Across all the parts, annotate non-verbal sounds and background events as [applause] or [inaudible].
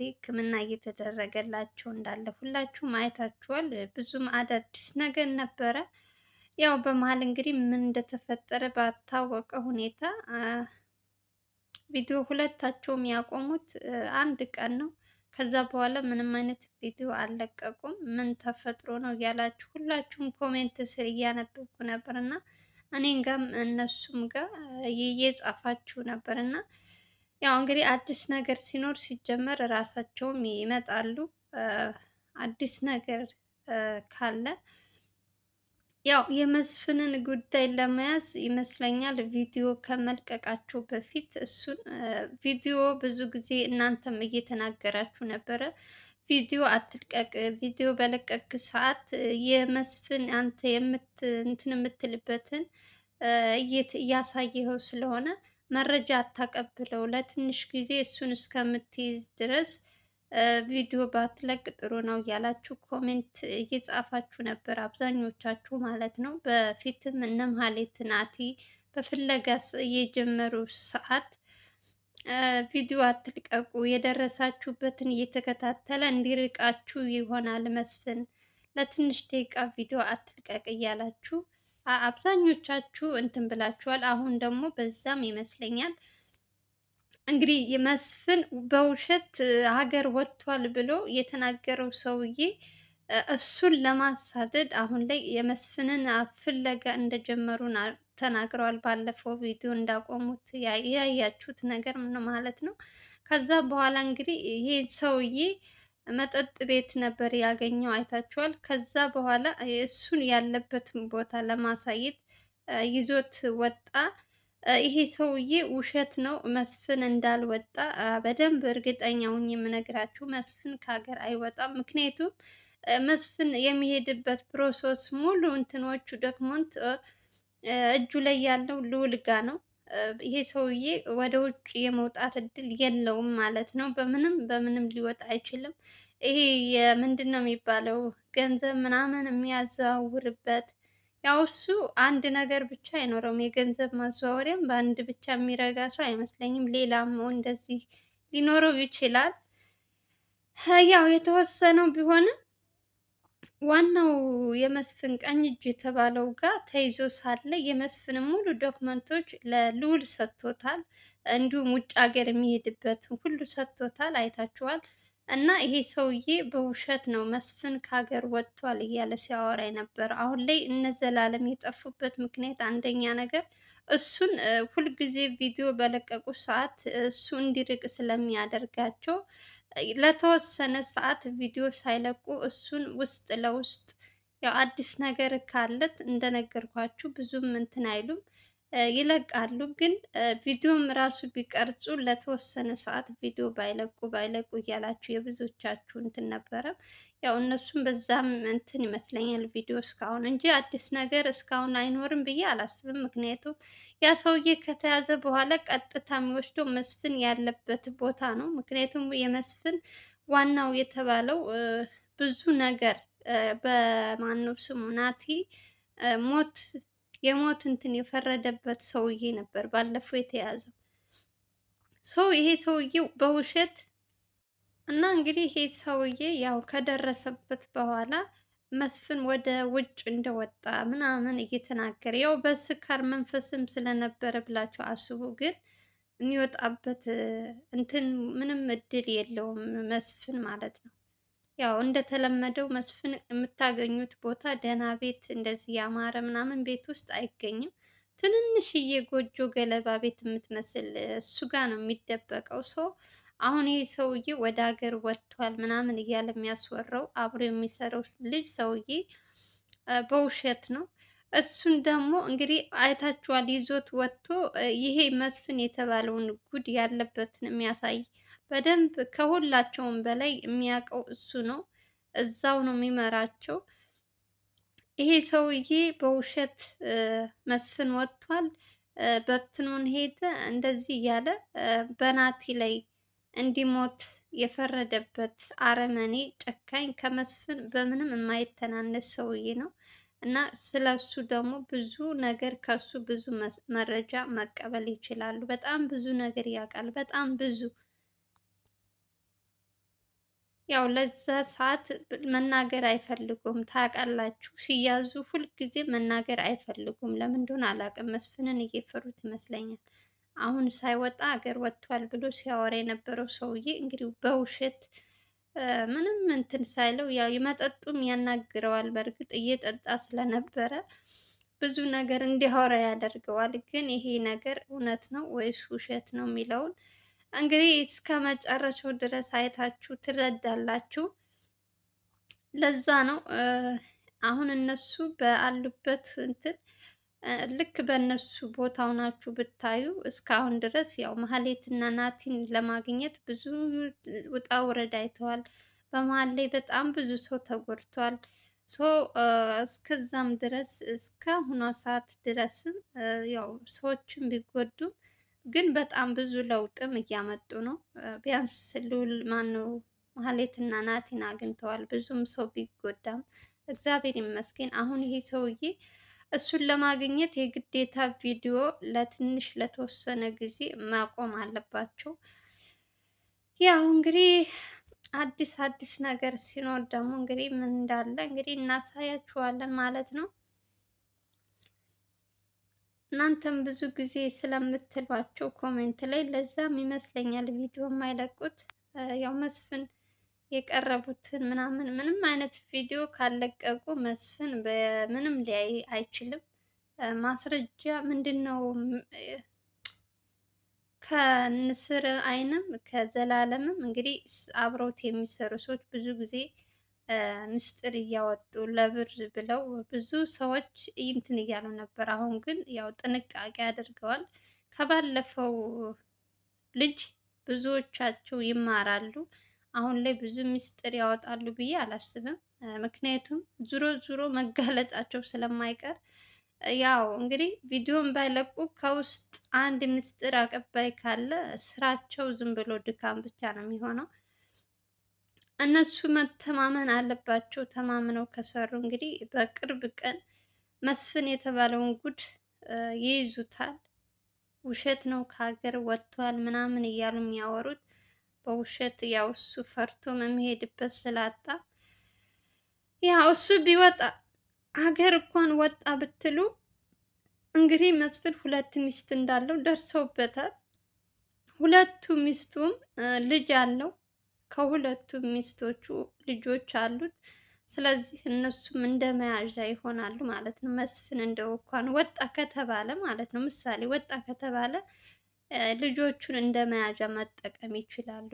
እንግዲህ ሕክምና እየተደረገላቸው እንዳለ ሁላችሁ ማየታችኋል። ብዙም አዳዲስ ነገር ነበረ። ያው በመሀል እንግዲህ ምን እንደተፈጠረ ባታወቀ ሁኔታ ቪዲዮ ሁለታቸውም ያቆሙት አንድ ቀን ነው። ከዛ በኋላ ምንም አይነት ቪዲዮ አልለቀቁም። ምን ተፈጥሮ ነው እያላችሁ ሁላችሁም ኮሜንት ስር እያነበብኩ ነበር እና እኔ ጋም እነሱም ጋር እየጻፋችሁ ነበር እና ያው እንግዲህ አዲስ ነገር ሲኖር ሲጀመር ራሳቸውም ይመጣሉ። አዲስ ነገር ካለ ያው የመስፍንን ጉዳይ ለመያዝ ይመስለኛል ቪዲዮ ከመልቀቃቸው በፊት እሱን ቪዲዮ ብዙ ጊዜ እናንተም እየተናገራችሁ ነበረ። ቪዲዮ አትልቀቅ፣ ቪዲዮ በለቀቅ ሰዓት የመስፍን አንተ የምት እንትን የምትልበትን እያሳየኸው ስለሆነ መረጃ አታቀብለው። ለትንሽ ጊዜ እሱን እስከምትይዝ ድረስ ቪዲዮ ባትለቅ ጥሩ ነው እያላችሁ ኮሜንት እየጻፋችሁ ነበር፣ አብዛኞቻችሁ ማለት ነው። በፊትም እነ መሀሌት ናቲ በፍለጋ እየጀመሩ ሰዓት ቪዲዮ አትልቀቁ፣ የደረሳችሁበትን እየተከታተለ እንዲርቃችሁ ይሆናል መስፍን፣ ለትንሽ ደቂቃ ቪዲዮ አትልቀቅ እያላችሁ አብዛኞቻችሁ እንትን ብላችኋል። አሁን ደግሞ በዛም ይመስለኛል እንግዲህ መስፍን በውሸት ሀገር ወጥቷል ብሎ የተናገረው ሰውዬ እሱን ለማሳደድ አሁን ላይ የመስፍንን ፍለጋ እንደጀመሩ ተናግረዋል። ባለፈው ቪዲዮ እንዳቆሙት ያያችሁት ነገር ምን ማለት ነው? ከዛ በኋላ እንግዲህ ይሄ ሰውዬ መጠጥ ቤት ነበር ያገኘው አይታችኋል። ከዛ በኋላ እሱን ያለበትን ቦታ ለማሳየት ይዞት ወጣ። ይሄ ሰውዬ ውሸት ነው መስፍን እንዳልወጣ በደንብ እርግጠኛ ሁኝ የምነግራችሁ፣ መስፍን ከሀገር አይወጣም። ምክንያቱም መስፍን የሚሄድበት ፕሮሰስ ሙሉ እንትኖቹ ዶክመንት እጁ ላይ ያለው ልውልጋ ነው ይሄ ሰውዬ ወደ ውጭ የመውጣት እድል የለውም ማለት ነው። በምንም በምንም ሊወጣ አይችልም። ይሄ የምንድን ነው የሚባለው ገንዘብ ምናምን የሚያዘዋውርበት ያው እሱ አንድ ነገር ብቻ አይኖረውም። የገንዘብ ማዘዋወሪያም በአንድ ብቻ የሚረጋ ሰው አይመስለኝም። ሌላም እንደዚህ ሊኖረው ይችላል ያው የተወሰነው ቢሆንም ዋናው የመስፍን ቀኝ እጅ የተባለው ጋር ተይዞ ሳለ የመስፍን ሙሉ ዶክመንቶች ለልዑል ሰጥቶታል። እንዲሁም ውጭ ሀገር የሚሄድበትን ሁሉ ሰጥቶታል። አይታችኋል። እና ይሄ ሰውዬ በውሸት ነው መስፍን ከሀገር ወጥቷል እያለ ሲያወራ የነበረ። አሁን ላይ እነ ዘላለም የጠፉበት ምክንያት አንደኛ ነገር እሱን ሁልጊዜ ቪዲዮ በለቀቁ ሰዓት እሱ እንዲርቅ ስለሚያደርጋቸው ለተወሰነ ሰዓት ቪዲዮ ሳይለቁ እሱን ውስጥ ለውስጥ ያው አዲስ ነገር ካለት እንደነገርኳችሁ ብዙም እንትን አይሉም። ይለቃሉ። ግን ቪዲዮም ራሱ ቢቀርጹ ለተወሰነ ሰዓት ቪዲዮ ባይለቁ ባይለቁ እያላችሁ የብዙዎቻችሁ እንትን ነበረ። ያው እነሱም በዛም እንትን ይመስለኛል ቪዲዮ እስካሁን እንጂ አዲስ ነገር እስካሁን አይኖርም ብዬ አላስብም። ምክንያቱም ያ ሰውዬ ከተያዘ በኋላ ቀጥታ የሚወስደው መስፍን ያለበት ቦታ ነው። ምክንያቱም የመስፍን ዋናው የተባለው ብዙ ነገር በማነው ስሙ ናቲ ሞት የሞት እንትን የፈረደበት ሰውዬ ነበር ባለፈው የተያዘው ሰው። ይሄ ሰውዬ በውሸት እና እንግዲህ ይሄ ሰውዬ ያው ከደረሰበት በኋላ መስፍን ወደ ውጭ እንደወጣ ምናምን እየተናገረ ያው በስካር መንፈስም ስለነበረ ብላችሁ አስቡ። ግን የሚወጣበት እንትን ምንም እድል የለውም መስፍን ማለት ነው። ያው እንደተለመደው መስፍን የምታገኙት ቦታ ደህና ቤት እንደዚህ ያማረ ምናምን ቤት ውስጥ አይገኝም። ትንንሽዬ ጎጆ ገለባ ቤት የምትመስል እሱ ጋር ነው የሚደበቀው ሰው። አሁን ይህ ሰውዬ ወደ ሀገር ወጥቷል ምናምን እያለ የሚያስወራው አብሮ የሚሰራው ልጅ ሰውዬ በውሸት ነው። እሱን ደግሞ እንግዲህ አይታችኋል። ይዞት ወጥቶ ይሄ መስፍን የተባለውን ጉድ ያለበትን የሚያሳይ በደንብ ከሁላቸውም በላይ የሚያውቀው እሱ ነው። እዛው ነው የሚመራቸው። ይሄ ሰውዬ በውሸት መስፍን ወጥቷል፣ በትኑን ሄደ፣ እንደዚህ እያለ በናቲ ላይ እንዲሞት የፈረደበት አረመኔ ጨካኝ፣ ከመስፍን በምንም የማይተናነስ ሰውዬ ነው እና ስለ እሱ ደግሞ ብዙ ነገር ከሱ ብዙ መረጃ መቀበል ይችላሉ። በጣም ብዙ ነገር ያውቃል። በጣም ብዙ ያው ለዛ ሰዓት መናገር አይፈልጉም። ታውቃላችሁ ሲያዙ ሁልጊዜ መናገር አይፈልጉም። ለምን እንደሆነ አላውቅም። መስፍንን እየፈሩት ይመስለኛል። አሁን ሳይወጣ አገር ወጥቷል ብሎ ሲያወራ የነበረው ሰውዬ እንግዲህ በውሸት ምንም እንትን ሳይለው ያው የመጠጡም ያናግረዋል። በእርግጥ እየጠጣ ስለነበረ ብዙ ነገር እንዲያወራ ያደርገዋል። ግን ይሄ ነገር እውነት ነው ወይስ ውሸት ነው የሚለውን እንግዲህ እስከ መጨረሻው ድረስ አይታችሁ ትረዳላችሁ። ለዛ ነው አሁን እነሱ በአሉበት እንትን ልክ በእነሱ ቦታው ናችሁ ብታዩ እስካሁን ድረስ ያው ማህሌትና ናቲን ለማግኘት ብዙ ውጣ ውረድ አይተዋል። በመሀል ላይ በጣም ብዙ ሰው ተጎድቷል። ሶ እስከዛም ድረስ እስከ ሁኗ ሰዓት ድረስም ያው ሰዎችን ቢጎዱም ግን በጣም ብዙ ለውጥም እያመጡ ነው። ቢያንስ ልዑል ማነው ማህሌትና ናቲን አግኝተዋል። ብዙም ሰው ቢጎዳም እግዚአብሔር ይመስገን። አሁን ይሄ ሰውዬ እሱን ለማግኘት የግዴታ ቪዲዮ ለትንሽ ለተወሰነ ጊዜ ማቆም አለባቸው። ያው እንግዲህ አዲስ አዲስ ነገር ሲኖር ደግሞ እንግዲህ ምን እንዳለ እንግዲህ እናሳያችኋለን ማለት ነው። እናንተም ብዙ ጊዜ ስለምትሏቸው ኮሜንት ላይ ለዛም ይመስለኛል ቪዲዮ የማይለቁት ያው መስፍን የቀረቡትን ምናምን ምንም አይነት ቪዲዮ ካለቀቁ መስፍን በምንም ሊያይ አይችልም። ማስረጃ ምንድን ነው? ከንስር አይንም ከዘላለምም እንግዲህ አብረውት የሚሰሩ ሰዎች ብዙ ጊዜ ምስጢር እያወጡ ለብር ብለው ብዙ ሰዎች እንትን እያሉ ነበር። አሁን ግን ያው ጥንቃቄ አድርገዋል። ከባለፈው ልጅ ብዙዎቻቸው ይማራሉ። አሁን ላይ ብዙ ምስጢር ያወጣሉ ብዬ አላስብም። ምክንያቱም ዙሮ ዙሮ መጋለጣቸው ስለማይቀር ያው እንግዲህ ቪዲዮን ባይለቁ ከውስጥ አንድ ምስጢር አቀባይ ካለ ስራቸው ዝም ብሎ ድካም ብቻ ነው የሚሆነው። እነሱ መተማመን አለባቸው። ተማምነው ከሰሩ እንግዲህ በቅርብ ቀን መስፍን የተባለውን ጉድ ይይዙታል። ውሸት ነው ከሀገር ወጥቷል ምናምን እያሉ የሚያወሩት በውሸት ያው እሱ ፈርቶ የሚሄድበት ስላጣ ያው እሱ ቢወጣ ሀገር እንኳን ወጣ ብትሉ እንግዲህ መስፍን ሁለት ሚስት እንዳለው ደርሰውበታል። ሁለቱ ሚስቱም ልጅ አለው። ከሁለቱም ሚስቶቹ ልጆች አሉት። ስለዚህ እነሱም እንደ መያዣ ይሆናሉ ማለት ነው። መስፍን እንደው እንኳን ወጣ ከተባለ ማለት ነው፣ ምሳሌ ወጣ ከተባለ ልጆቹን እንደ መያዣ መጠቀም ይችላሉ።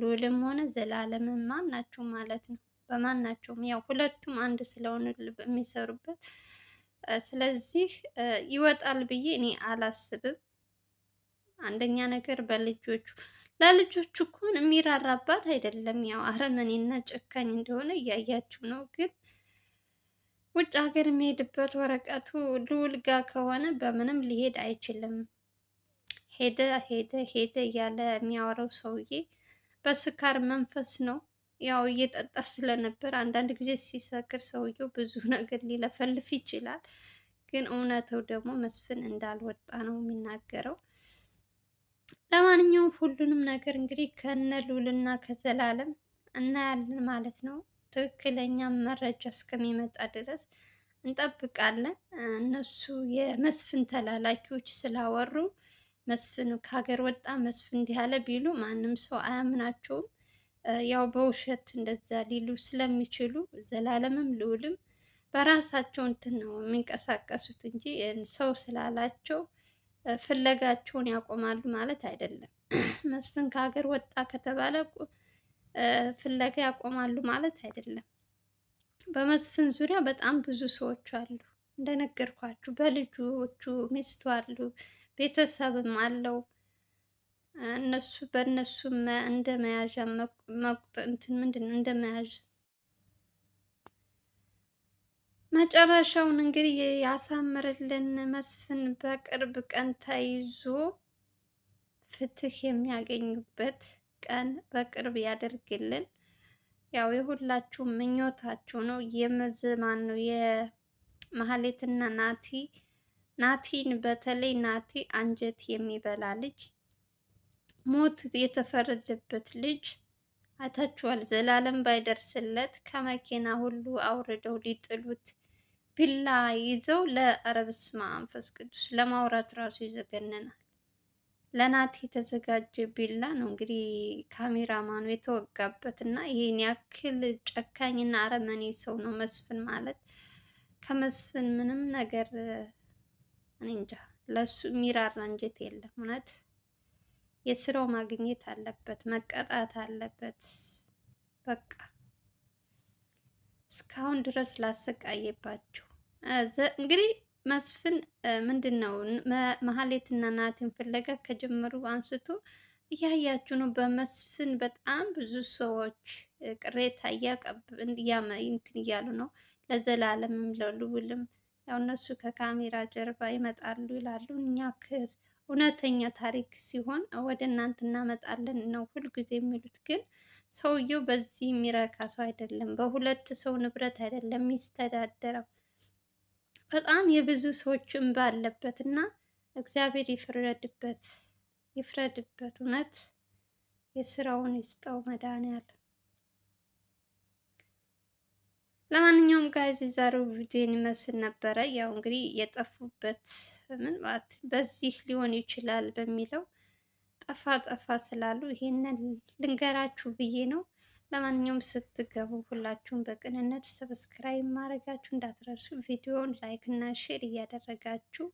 ሉልም ሆነ ዘላለምም ማናቸው ማለት ነው። በማናቸውም ያው ሁለቱም አንድ ስለሆኑ የሚሰሩበት ስለዚህ ይወጣል ብዬ እኔ አላስብም። አንደኛ ነገር በልጆቹ ለልጆቹ እኮን የሚራራባት አይደለም። ያው አረመኔና ጨካኝ እንደሆነ እያያችሁ ነው። ግን ውጭ ሀገር የሚሄድበት ወረቀቱ ልውልጋ ጋ ከሆነ በምንም ሊሄድ አይችልም። ሄደ ሄደ ሄደ እያለ የሚያወራው ሰውዬ በስካር መንፈስ ነው። ያው እየጠጣ ስለነበር አንዳንድ ጊዜ ሲሰክር ሰውየው ብዙ [laughs] ነገር ሊለፈልፍ ይችላል። ግን እውነታው ደግሞ መስፍን እንዳልወጣ ነው የሚናገረው። ለማንኛውም ሁሉንም ነገር እንግዲህ ከነ እና ከዘላለም እናያለን ማለት ነው። ትክክለኛ መረጃ እስከሚመጣ ድረስ እንጠብቃለን። እነሱ የመስፍን ተላላኪዎች ስላወሩ መስፍን ከሀገር ወጣ፣ መስፍን እንዲህ አለ ቢሉ ማንም ሰው አያምናቸውም። ያው በውሸት እንደዛ ሊሉ ስለሚችሉ ዘላለምም ልዑልም በራሳቸው እንትን ነው የሚንቀሳቀሱት እንጂ ሰው ስላላቸው ፍለጋቸውን ያቆማሉ ማለት አይደለም። [clears throat] መስፍን ከሀገር ወጣ ከተባለ ፍለጋ ያቆማሉ ማለት አይደለም። በመስፍን ዙሪያ በጣም ብዙ ሰዎች አሉ። እንደነገርኳችሁ በልጆቹ ሚስቱ አሉ፣ ቤተሰብም አለው። እነሱ በእነሱ እንደ መያዣ እንትን ምንድን ነው እንደ መያዣ መጨረሻውን እንግዲህ ያሳምርልን። መስፍን በቅርብ ቀን ተይዞ ፍትህ የሚያገኙበት ቀን በቅርብ ያደርግልን። ያው የሁላችሁ ምኞታችሁ ነው። የመዝማን ነው የማህሌትና ናቲ ናቲን በተለይ ናቲ አንጀት የሚበላ ልጅ ሞት የተፈረደበት ልጅ አይታችኋል። ዘላለም ባይደርስለት ከመኪና ሁሉ አውርደው ሊጥሉት ቢላ ይዘው ለአረብስ መንፈስ ቅዱስ ለማውራት ራሱ ይዘገንናል። ለናት የተዘጋጀ ቢላ ነው እንግዲህ ካሜራማኑ የተወጋበት እና ይህን ያክል ጨካኝና አረመኔ ሰው ነው መስፍን ማለት። ከመስፍን ምንም ነገር እንጃ፣ ለሱ የሚራራ አንጀት የለም። እውነት የስራው ማግኘት አለበት፣ መቀጣት አለበት። በቃ እስካሁን ድረስ ላሰቃየባቸው እንግዲህ መስፍን ምንድን ነው መሀሌትና ናቲን ፍለጋ ከጀመሩ አንስቶ እያያችሁ ነው። በመስፍን በጣም ብዙ ሰዎች ቅሬታ እንትን እያሉ ነው። ለዘላለም ለልውልም ያው እነሱ ከካሜራ ጀርባ ይመጣሉ ይላሉ። እኛ እውነተኛ ታሪክ ሲሆን ወደ እናንተ እናመጣለን ነው ሁልጊዜ የሚሉት። ግን ሰውየው በዚህ የሚረካ ሰው አይደለም። በሁለት ሰው ንብረት አይደለም የሚስተዳደረው በጣም የብዙ ሰዎች እንባ አለበት እና እግዚአብሔር ይፍረድበት ይፍረድበት። እውነት የስራውን ይስጠው መድኃኒዓለም። ለማንኛውም ጋይዝ የዛሬው ቪዲዮ ይመስል ነበረ። ያው እንግዲህ የጠፉበት ምን ማለት በዚህ ሊሆን ይችላል በሚለው ጠፋ ጠፋ ስላሉ ይሄንን ልንገራችሁ ብዬ ነው። ለማንኛውም ስትገቡ ሁላችሁም በቅንነት ሰብስክራይብ ማድረጋችሁ እንዳትረሱ፣ ቪዲዮውን ላይክ እና ሼር እያደረጋችሁ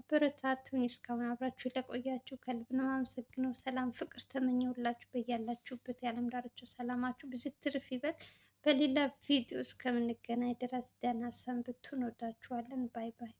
አበረታቱን። እስካሁን አብራችሁ ለቆያችሁ ከልብ ነው አመሰግነው። ሰላም ፍቅር ተመኘሁላችሁ። በያላችሁበት የዓለም ዳርቻ ሰላማችሁ ብዙ ትርፍ ይበል። በሌላ ቪዲዮ እስከምንገናኝ ድረስ ደህና ሰንብቱ። እንወዳችኋለን። ባይ ባይ።